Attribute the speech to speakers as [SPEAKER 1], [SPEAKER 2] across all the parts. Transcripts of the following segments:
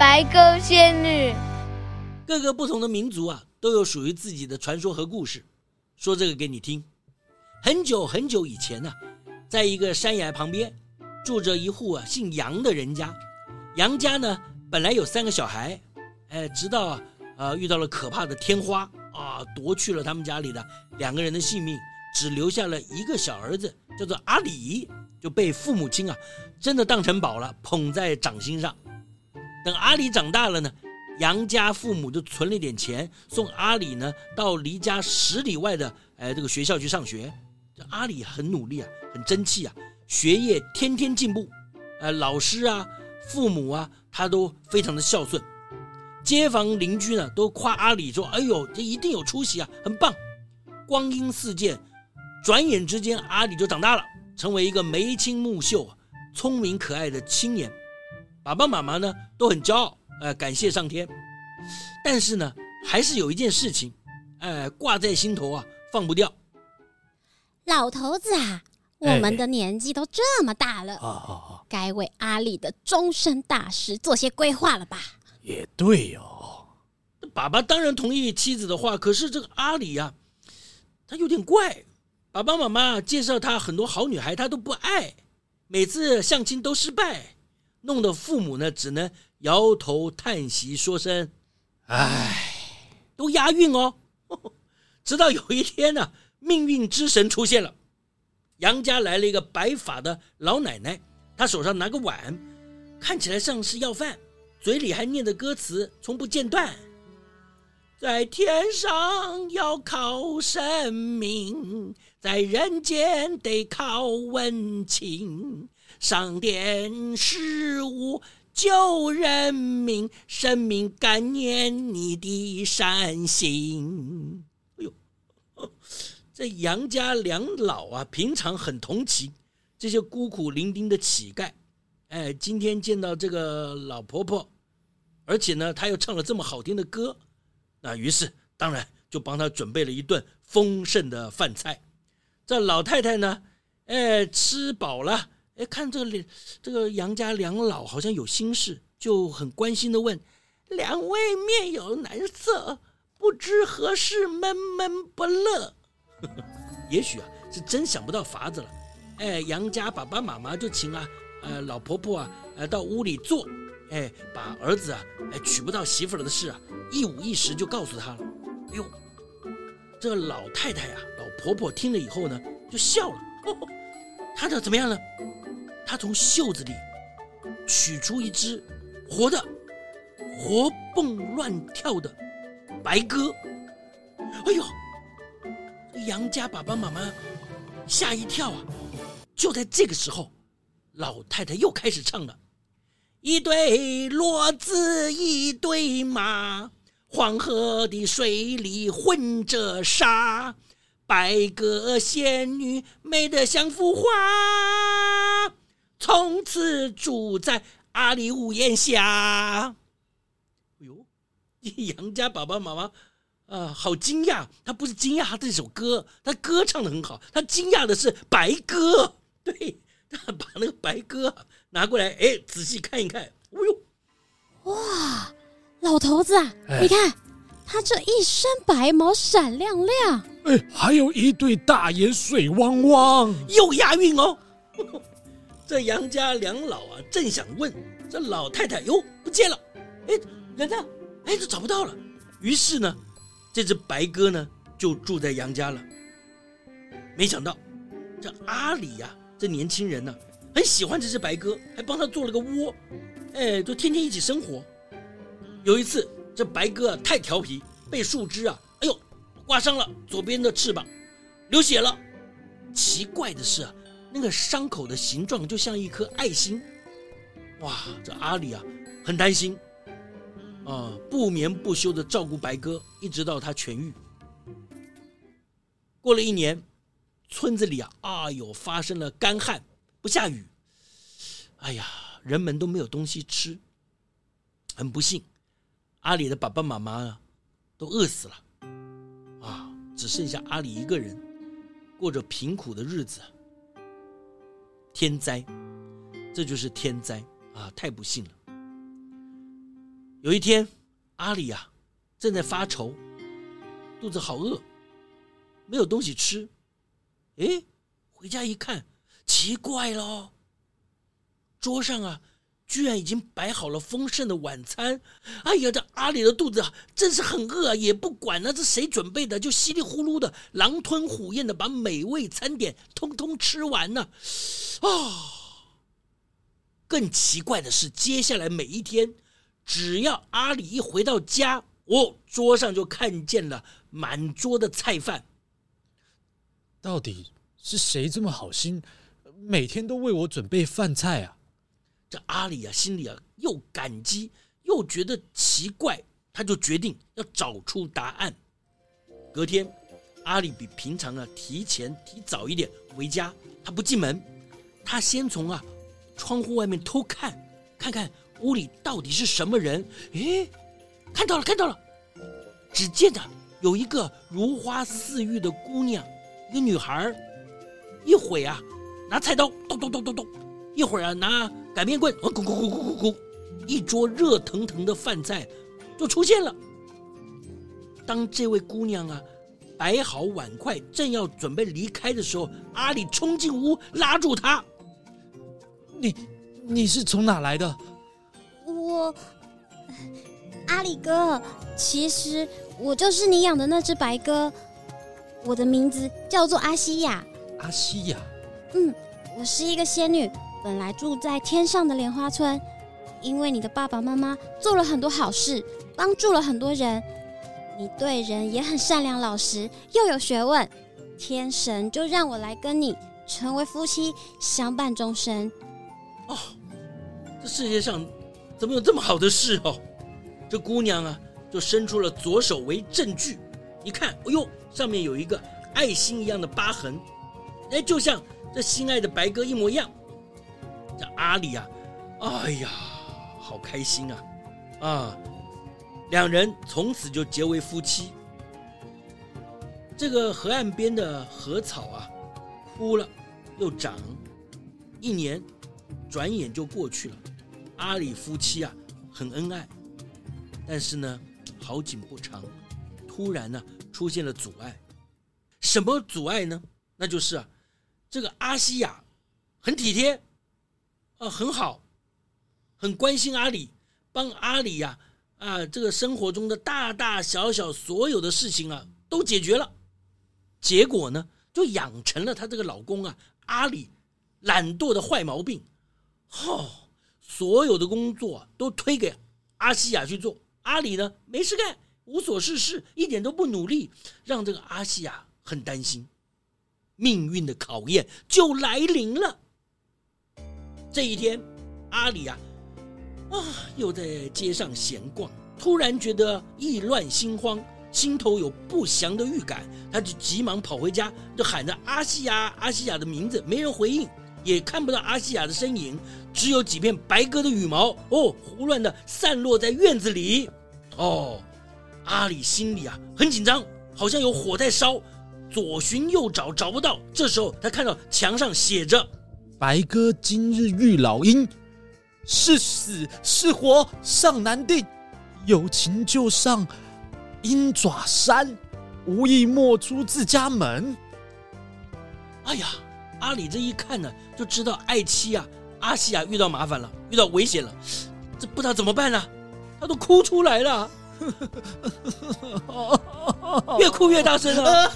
[SPEAKER 1] 白鴿仙女，
[SPEAKER 2] 各個不同的民族啊，都有屬於自己的傳說和故事。說這個給你聽：很久很久以前呢，啊，在一個山崖旁邊，住着一戶啊姓楊的人家。楊家呢，本來有三個小孩，哎，直到啊，啊遇到了可怕的天花啊，奪去了他們家裡的兩個人的性命，只留下了一個小兒子，叫做阿里，就被父母親啊真的當成寶了，捧在掌心上。等阿里長大了呢，楊家父母就存了一點錢，送阿里呢到離家十里外的呃這個學校去上學。這阿里很努力啊，很爭氣啊，學業天天進步。呃，老師啊，父母啊，他都非常的孝順。街坊鄰居呢都誇阿里說：“哎呦，這一定有出息啊，很棒！”光陰似箭，轉眼之間，阿里就長大了，成為一個眉清目秀、聰明可愛的青年。爸爸媽媽呢都很驕傲，哎、呃，感謝上天，但是呢，還是有一件事情，哎、呃，掛在心頭啊，放不掉。
[SPEAKER 1] 老頭子啊，
[SPEAKER 2] 我們的
[SPEAKER 1] 年紀都這麼大了，哎、該為阿里的終身大事做些規劃了吧？
[SPEAKER 2] 也對哦。爸爸當然同意妻子的話，可是這個阿里呀、啊，他有點怪。爸爸媽媽介紹他很多好女孩，他都不愛，每次相親都失敗。弄得父母呢，只能搖頭嘆息，說聲：“唉，都押韻哦。”直到有一天呢、啊，命運之神出現了，楊家來了一個白髮的老奶奶，她手上拿個碗，看起來像是要飯，嘴裡還念着歌詞，從不間斷：“在天上要靠神明。”在人間得靠溫情，上天施物救人命，生命感念你的善心。哎呦，這楊家兩老啊，平常很同情這些孤苦伶仃的乞丐，哎，今天見到這個老婆婆，而且呢，她又唱了這麼好聽的歌，那於是當然就幫她準備了一頓豐盛的飯菜。這老太太呢，哎，吃飽了，哎，看這個，這個楊家兩老好像有心事，就很關心地問：“兩位面有難色，不知何事悶悶不樂？”呵呵，也許啊，是真想不到法子了。哎，楊家爸爸媽媽就請啊，呃、哎，老婆婆啊，呃，到屋裡坐，哎，把兒子啊，哎，娶不到媳婦了的事啊，一五一十就告訴他了。哎呦！這個老太太呀、啊，老婆婆聽了以後呢，就笑了，哦。她的怎麼樣呢？她從袖子裡取出一隻活的、活蹦亂跳的白鴿。哎呦，楊家爸爸媽媽嚇一跳啊！就在這個時候，老太太又開始唱了：“一對騾子，一對馬。”黃河的水裡混着沙，白鴿仙女美得像幅畫，從此住在阿里屋檐下。哎呦，楊家爸爸媽媽啊，好驚訝！他不是驚訝這首歌，他歌唱得很好，他驚訝的是白鴿。對，他把那個白鴿拿過來，哎，仔細看一看。哎呦，
[SPEAKER 1] 哇！老頭子啊，哎、呀你看他這一身白毛閃亮亮，哎，還有一對大眼水汪汪，又押韻哦呵
[SPEAKER 2] 呵。這楊家兩老啊，正想問這老太太，喲，不見了，哎，人呢，啊？哎，都找不到了。於是呢，這隻白鴿呢，就住在楊家了。沒想到，這阿里呀，啊，這年輕人呢，啊，很喜歡這隻白鴿，還幫它做了個窩，哎，都天天一起生活。有一次，這白鴿啊太調皮，被樹枝啊，哎呦，刮傷了左邊的翅膀，流血了。奇怪的是，那個傷口的形狀就像一顆愛心。哇，這阿里啊很擔心，啊，不眠不休的照顧白鴿，一直到它痊癒。過了一年，村子裡啊，哎呦，發生了乾旱，不下雨。哎呀，人們都沒有東西吃，很不幸。阿里的爸爸媽媽呢都餓死了，啊，只剩下阿里一個人，過着貧苦的日子。天災，這就是天災啊，太不幸了。有一天，阿里啊，正在發愁，肚子好餓，沒有東西吃。誒，回家一看，奇怪了，桌上啊，居然已經擺好了豐盛的晚餐，哎呀，這阿里的肚子真是很餓啊，也不管那是誰準備的，就稀里呼嚕的狼吞虎咽的把美味餐點通通吃完了。啊、哦！更奇怪的是，接下來每一天，只要阿里一回到家，哦，桌上就看見了滿桌的菜飯。到底是誰這麼好心，每天都為我準備飯菜啊？這阿里啊心裡啊又感激又覺得奇怪，他就決定要找出答案。隔天，阿里比平常啊提前提早一點回家，他不進門，他先從啊窗戶外面偷看，看看屋裡到底是什麼人。誒，看到了看到了，只見着有一個如花似玉的姑娘，一個女孩，一會啊拿菜刀咚咚咚咚咚，一會兒啊拿，動動動動擀麵棍，咕咕咕咕咕咕，一桌熱騰騰的飯菜就出現了。當這位姑娘啊擺好碗筷，正要準備離開的時候，阿裡衝進屋拉住她：“你，你是從哪來的？”“
[SPEAKER 1] 我，阿里哥，其實我就是你養的那只白鴿，我的名字叫做阿西亞。”“阿西亞？”“嗯，我是一個仙女。”本來住在天上的蓮花村，因為你的爸爸媽媽做了很多好事，幫助了很多人，你對人也很善良老實，又有學問，天神就讓我來跟你成為夫妻，相伴終生。哦，
[SPEAKER 2] 這世界上怎麼有這麼好的事哦？這姑娘啊，就伸出了左手為證據，一看，哎、哦、呦，上面有一個愛心一樣的疤痕，哎，就像這心愛的白鴿一模一樣。這阿里啊，哎呀，好開心啊！啊，兩人從此就結為夫妻。這個河岸邊的河草啊，枯了又長，一年轉眼就過去了。阿里夫妻啊，很恩愛，但是呢，好景不長，突然呢，啊，出現了阻礙。什麼阻礙呢？那就是啊，這個阿西亞，很體貼。啊，很好，很關心阿里，幫阿里呀，啊，啊，這個生活中的大大小小所有的事情啊，都解決了。結果呢，就養成了他這個老公啊，阿里懶惰的壞毛病。哦，所有的工作都推給阿西亞去做，阿里呢，沒事幹，無所事事，一點都不努力，讓這個阿西亞很擔心。命運的考驗就來臨了。這一天，阿里啊，啊，又在街上閒逛，突然覺得意亂心慌，心頭有不祥的預感，他就急忙跑回家，就喊着阿西亞、阿西亞的名字，沒人回應，也看不到阿西亞的身影，只有幾片白鴿的羽毛哦，胡亂的散落在院子裡。哦，阿里心裡啊很緊張，好像有火在燒，左尋右找找不到。這時候，他看到牆上寫着。白鴿今日遇老鷹，是死是活尚難定，有情就上鷹爪山，無意莫出自家門。哎呀，阿里這一看呢，就知道愛妻啊，阿西亞、啊、遇到麻煩了，遇到危險了，這不知道怎麼辦呢、啊？他都哭出來了，
[SPEAKER 1] 越哭越大聲了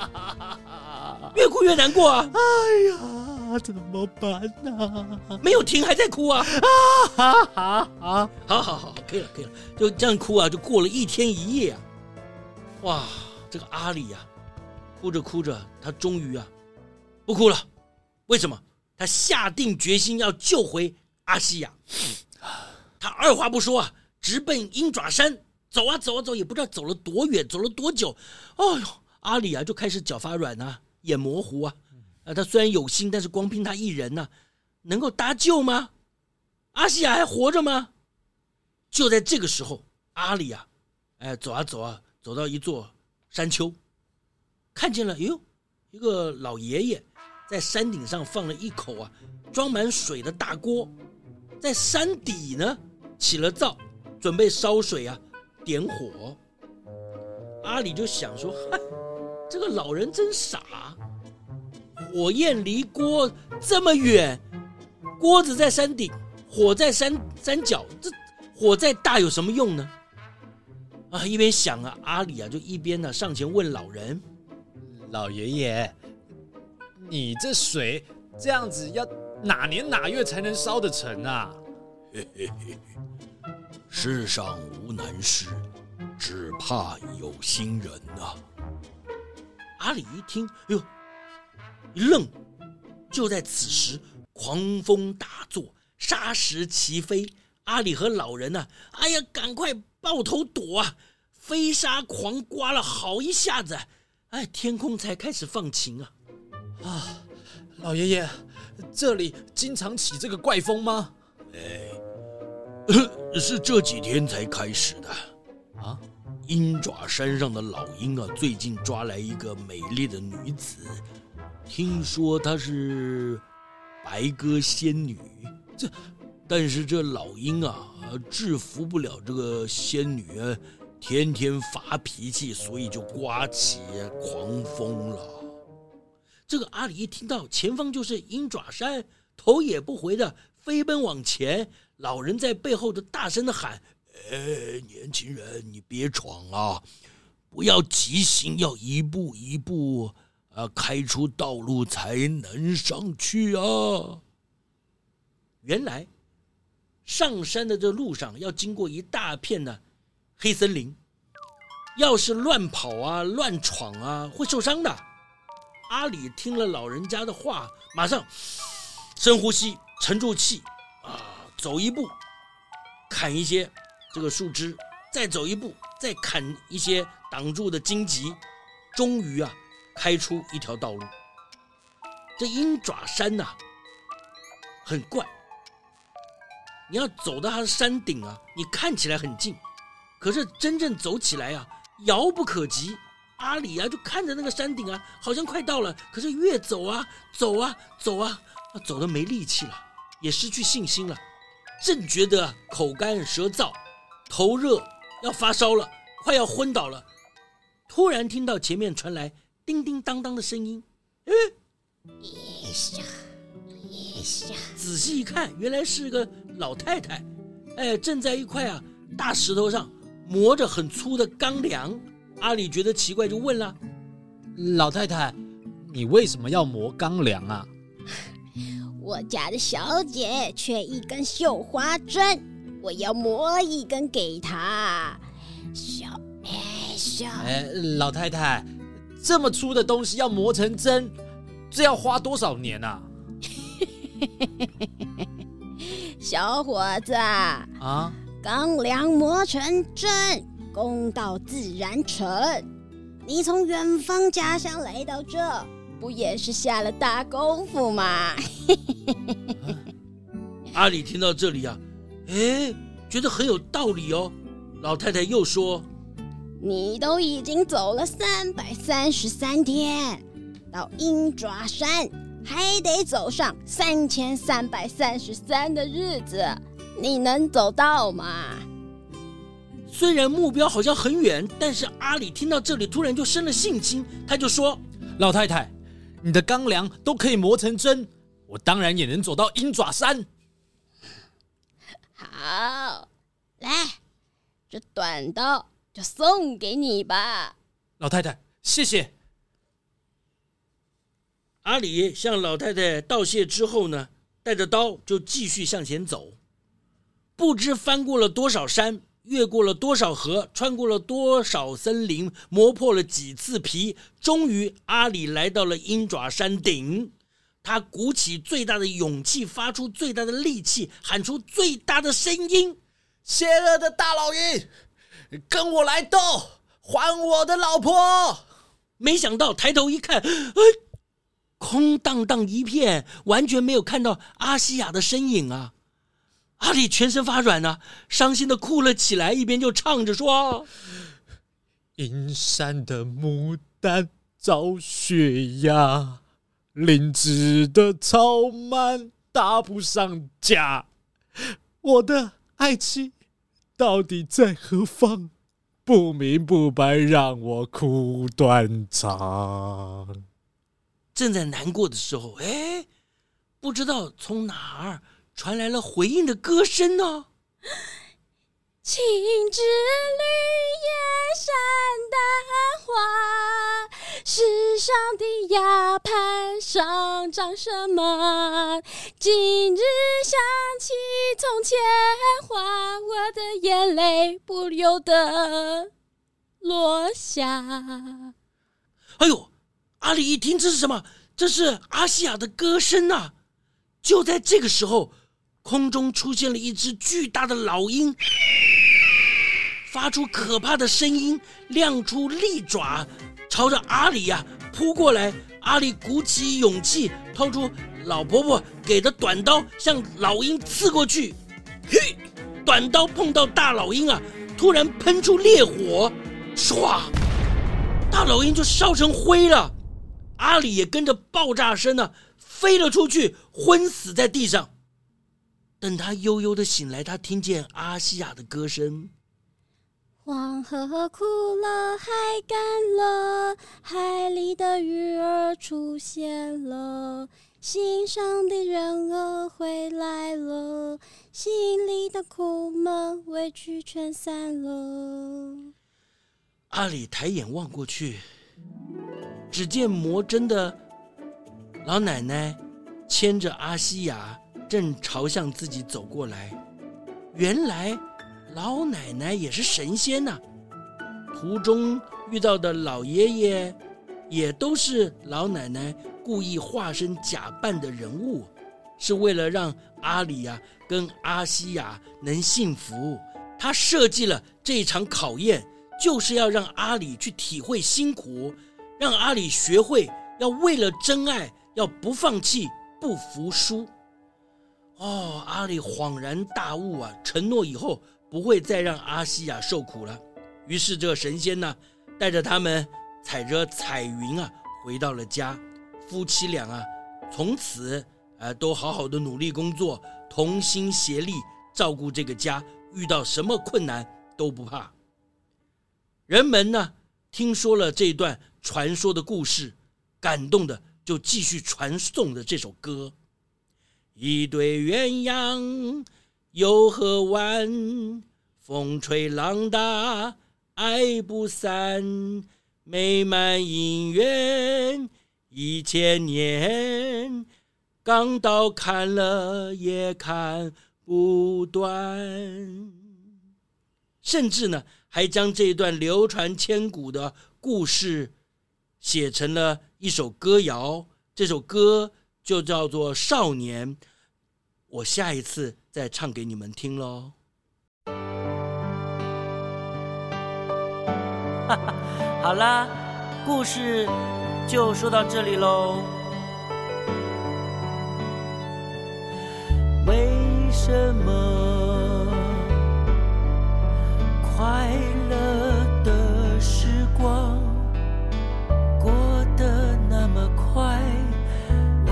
[SPEAKER 2] 越哭越難過啊！哎呀。
[SPEAKER 1] 怎麼辦呢、啊？
[SPEAKER 2] 沒有停，還在哭啊！啊哈哈啊！好好好，可以了，可以了，就這樣哭啊，就過了一天一夜啊！哇，這個阿里呀、啊，哭着哭着，他終於啊不哭了。為什麼？他下定決心要救回阿西亞。他二話不說啊，直奔鷹爪山走啊走啊走，也不知道走了多遠，走了多久。哎呦，阿里啊，就開始腳發軟啊，眼模糊啊。呃、啊，他雖然有心，但是光憑他一人呢、啊，能夠搭救嗎？阿西亞還活着嗎？就在這個時候，阿里啊，哎，走啊走啊，走到一座山丘，看見了，喲、哎，一個老爺爺在山頂上放了一口啊裝滿水的大鍋，在山底呢起了灶，準備燒水啊，點火。阿里就想說，嗨、哎，這個老人真傻。火焰離鍋這麼遠，鍋子在山頂，火在山山腳，這火再大有什麼用呢？啊！一邊想啊，阿里啊，就一邊呢、啊、上前問老人：“老爺爺，你這水這樣子，要哪年哪月才能燒得成啊？”嘿嘿嘿，世上無難事，只怕有心人啊！阿里一聽，哎呦！愣！就在此時，狂風大作，沙石齊飛。阿里和老人呢、啊？哎呀，趕快抱頭躲啊！飛沙狂刮了好一下子，哎，天空才開始放晴啊！啊，老爺爺，這裡經常起這個怪風嗎？哎，是這幾天才開始的。啊，鷹爪山上的老鷹啊，最近抓來一個美麗的女子。聽說她是白鴿仙女，這，但是這老鷹啊，制服不了這個仙女，天天發脾氣，所以就颳起狂風了。這個阿里一聽到前方就是鷹爪山，頭也不回的飛奔往前。老人在背後的大聲的喊：“哎，年輕人，你別闖啊，不要急行，要一步一步。”啊，開出道路才能上去啊！原來上山的這路上要經過一大片的黑森林，要是亂跑啊、亂闖啊，會受傷的。阿里聽了老人家的話，馬上深呼吸，沉住氣啊，走一步，砍一些這個樹枝，再走一步，再砍一些擋住的荊棘，終於啊。開出一條道路。這鷹爪山吶、啊，很怪。你要走到它的山頂啊，你看起來很近，可是真正走起來啊，遙不可及。阿里啊，就看着那個山頂啊，好像快到了，可是越走啊，走啊，走啊，走得沒力氣了，也失去信心了，正覺得口乾舌燥，頭熱，要發燒了，快要昏倒了。突然聽到前面傳來。叮叮噹噹的聲音，哎，一下一下，仔細一看，原來是個老太太，哎，正在一塊啊大石頭上磨着很粗的鋼梁。阿里覺得奇怪，就問了：“老太太，你為什麼要磨鋼梁啊？”“
[SPEAKER 1] 我家的小姐缺一根繡花針，我要磨一根給她。小哎”“小哎小
[SPEAKER 2] 哎，老太太。”這麼粗的東西要磨成針，這要花多少年吶，啊？
[SPEAKER 1] 小夥子啊，鋼樑磨成針，功到自然成。你從遠方家鄉來到這，不也是下了大功夫嗎？
[SPEAKER 2] 阿 里，啊，聽到這裡啊，哎，覺得很有道理哦。老太太又說。
[SPEAKER 1] 你都已經走了三百三十三天，到鷹爪山還得走上三千三百三十三的日子，你能走到嗎？
[SPEAKER 2] 雖然目標好像很遠，但是阿里聽到這裡突然就生了信心，他就說：“老太太，你的鋼梁都可以磨成針，我當然也能走到鷹爪山。”
[SPEAKER 1] 好，來，這短刀。就送給你吧，
[SPEAKER 2] 老太太，謝謝。阿里向老太太道謝之後呢，帶着刀就繼續向前走。不知翻過了多少山，越過了多少河，穿過了多少森林，磨破了幾次皮，終於阿里來到了鷹爪山頂。他鼓起最大的勇氣，發出最大的力氣，喊出最大的聲音：“邪惡的大老鷹！”跟我來鬥，還我的老婆！沒想到抬頭一看，哎，空蕩蕩一片，完全沒有看到阿西亞的身影啊！阿里全身發軟呢、啊，傷心的哭了起來，一邊就唱着說：“
[SPEAKER 1] 銀山的牡丹早雪呀，林子的草滿搭不上架，我的愛妻。”到底在何方？不明不白，讓我哭斷
[SPEAKER 2] 腸。正在難過的時候，哎，不知道從哪兒傳來了回應的歌聲呢？
[SPEAKER 1] 青枝綠葉山丹花。世上的崖畔上長什麼？今日想起從前話，我的眼淚不由得落下。
[SPEAKER 2] 哎呦，阿里一聽這是什麼？這是阿西亞的歌聲吶、啊！就在這個時候，空中出現了一隻巨大的老鷹，發出可怕的聲音，亮出利爪。朝着阿里呀、啊、撲過來，阿里鼓起勇氣，掏出老婆婆給的短刀，向老鷹刺過去。嘿，短刀碰到大老鷹啊，突然噴出烈火，唰，大老鷹就燒成灰了。阿里也跟着爆炸聲呢、啊、飛了出去，昏死在地上。等他悠悠的醒來，他聽見阿西亞的歌聲。
[SPEAKER 1] 河枯了，海乾了，海裡的魚兒出現了，心上的人兒回來了，心裡的苦悶委屈全散了。
[SPEAKER 2] 阿里抬眼望過去，只見魔怔的老奶奶牽着阿西亞，正朝向自己走過來。原來。老奶奶也是神仙吶、啊，途中遇到的老爺爺，也都是老奶奶故意化身假扮的人物，是為了讓阿里呀、啊、跟阿西婭能幸福，她設計了這一場考驗，就是要讓阿里去體會辛苦，讓阿里學會要為了真愛要不放棄、不服輸。哦，阿里恍然大悟啊！承諾以後。不會再讓阿西亞受苦了。於是，這神仙呢，帶着他們踩着彩雲啊，回到了家。夫妻倆啊，從此啊，都好好的努力工作，同心協力照顧這個家，遇到什麼困難都不怕。人們呢，聽說了這段傳說的故事，感動的就繼續傳頌着這首歌。一對鴛鴦。又何晚？風吹浪打，愛不散，美滿姻緣一千年。鋼刀砍了也砍不斷。甚至呢，還將這一段流傳千古的故事寫成了一首歌謠。這首歌就叫做《少年》。我下一次，再唱給你們聽嘍！哈哈，好啦，故事就說到這裡嘍。為什麼快樂的時光過得那麼快？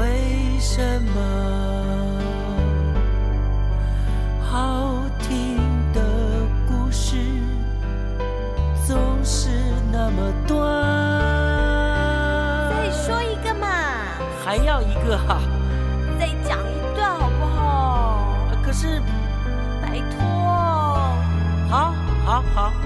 [SPEAKER 2] 為什麼？麼多再說一個嘛，還要一個哈、
[SPEAKER 1] 啊，再講一段好不好？可是，拜託，好
[SPEAKER 2] 好好。好好